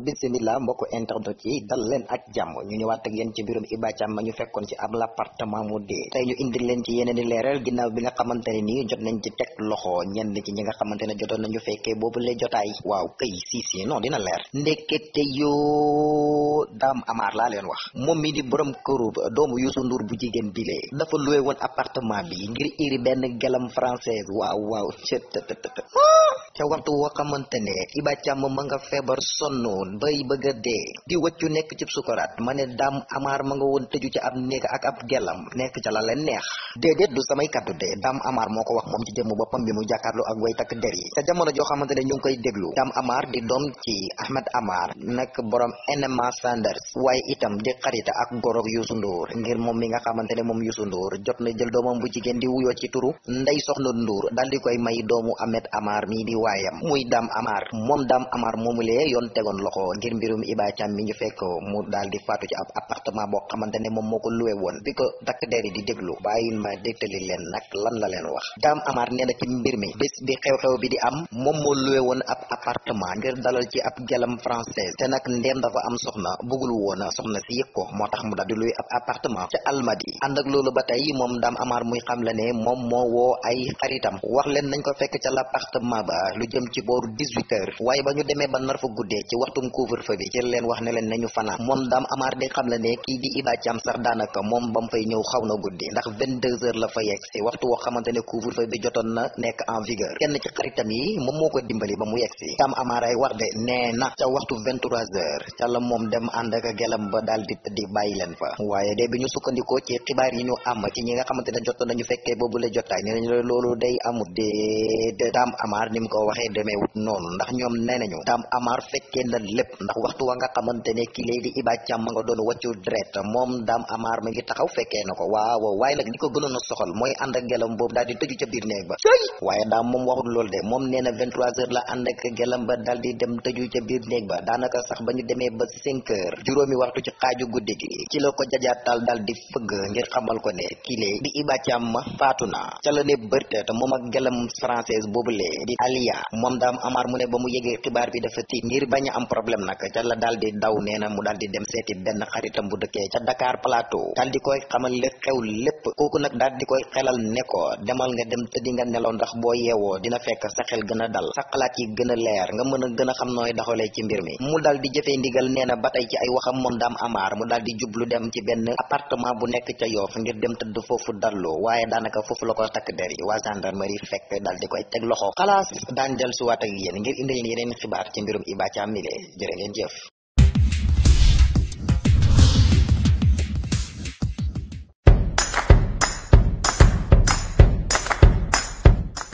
bisimila mbokk internet yi dal leen ak jàmm ñu ñëwaat ak yéen ci mbirum Iba Thiam ma ñu fekkoon ci ab l'appartement mu dee tey ñu indi leen ci yeneen di leeral ginnaaw bi nga xamante ne nii jot nañ ci teg loxo ñenn ci ñi nga xamante ne jotoon nañu fekkee boobu le jotaay waaw kay si si non dina leer ndekete yoo daam amaar laa leen wax moom mi di borom këru doomu Youssou Ndour bu jigéen bilee dafa loué woon appartement bi ngir iri benn gelam française waaw waaw ca waxtu woo xamante ne Iba Thiam ma nga feebar sonn woon bay bëgg a dee di wëccu nekk ci sukaraat ma ne daam amaar ma nga woon tëju ci ab néeg ak ab gellam nekk ca la leen neex déedéet du samay kaddu de daam amaar moo ko wax moom ci jëmm boppam bi mu jàkkaarlu ak way takk der yi ca jamono joo xamante ne ñu ngi koy déglu daam amaar di doom ci Ahmed Amar nekk borom waaye itam di xarita ak gorog Youssou Ndour ngir moom mi nga xamante ne moom Youssou jot na jël doomam bu jigéen di wuyoo ci turu Ndey Soxna Ndour dal di koy may doomu Ahmed Amar mi di yoon tegoon loxo loxo ngir mbirum Iba Thiam mi ñu fekk mu daal di faatu ci ab appartement boo xamante ne moom moo ko luwe woon bi ko dakk der yi di déglu bàyyin ma dégtali leen nag lan la leen wax daam amaar nee na ci mbir mi bés bi xew-xew bi di am moom moo luwe woon ab appartement ngir dalal ci ab gelam française te nag ndeem dafa am soxna bëggul woona soxna si yëg ko moo tax mu daal di luwe ca Almadi ànd ak loolu ba tey moom daam amaar muy xam la ne moom moo woo ay mbirum couvre-feu bi ci leen wax ne leen nañu fanaan moom daam amaar di xam la ne kii di Iba Thiam sax ko ba mu yegg si daam amaar na ca waxtu 23 heures ca la moom dem ànd ak gelam ba daal di tëddi bàyyi leen fa waaye de bi ñu sukkandikoo ci xibaar yi ñu am ci ñi nga xamante ne jot nañu fekkee boobu la jotaay nee nañu loolu day amut de daam amaar ni mu ko waxee demeewut noonu ndax ñoom nee nañu daam amaar fekkee na defoon lépp ndax waxtu wa nga xamante ne ki lay di Iba Thiam ma nga doon wàccu dret moom na ko waaw waaye a mooy ànd ak gelam boobu daal di tëju ca biir néeg ba waaye daam moom waxul loolu de moom nee na 23 heures ba daal di dem ba daanaka sax ba ñu demee ba 5 heures juróomi waxtu ci la ko jajaatal daal di fëgg ngir xamal ko ne ki lay di Iba Thiam ma faatu na ca la ne bërte te moom ak gelam française boobu lee di Alia moom Dame Amar mu ne ba mu yegee xibaar bi dafa tiit ngir bañ a am problème nag ca la daal di daw nee mu daal di dem seeti benn xaritam bu dëkkee ca Dakar Plateau daal di koy xamal li xew lépp kooku nag daal di koy xelal ne ko demal nga dem tëddi nga nelaw ndax boo yeewoo dina fekk sa xel gën a dal sa xalaat yi gën a leer nga mën a gën a xam nooy doxalee ci mbir mi mu daal di jëfee ndigal nee na ba tey ci ay waxam moom daam amaar mu daal di jublu dem ci benn appartement bu nekk ca Yoff ngir dem tëdd foofu dallu waaye daanaka foofu la ko takk der yi waa gendarmerie fekk daal di koy teg loxo xalaas daan dellusiwaat ak yéen jërë ngeen jëf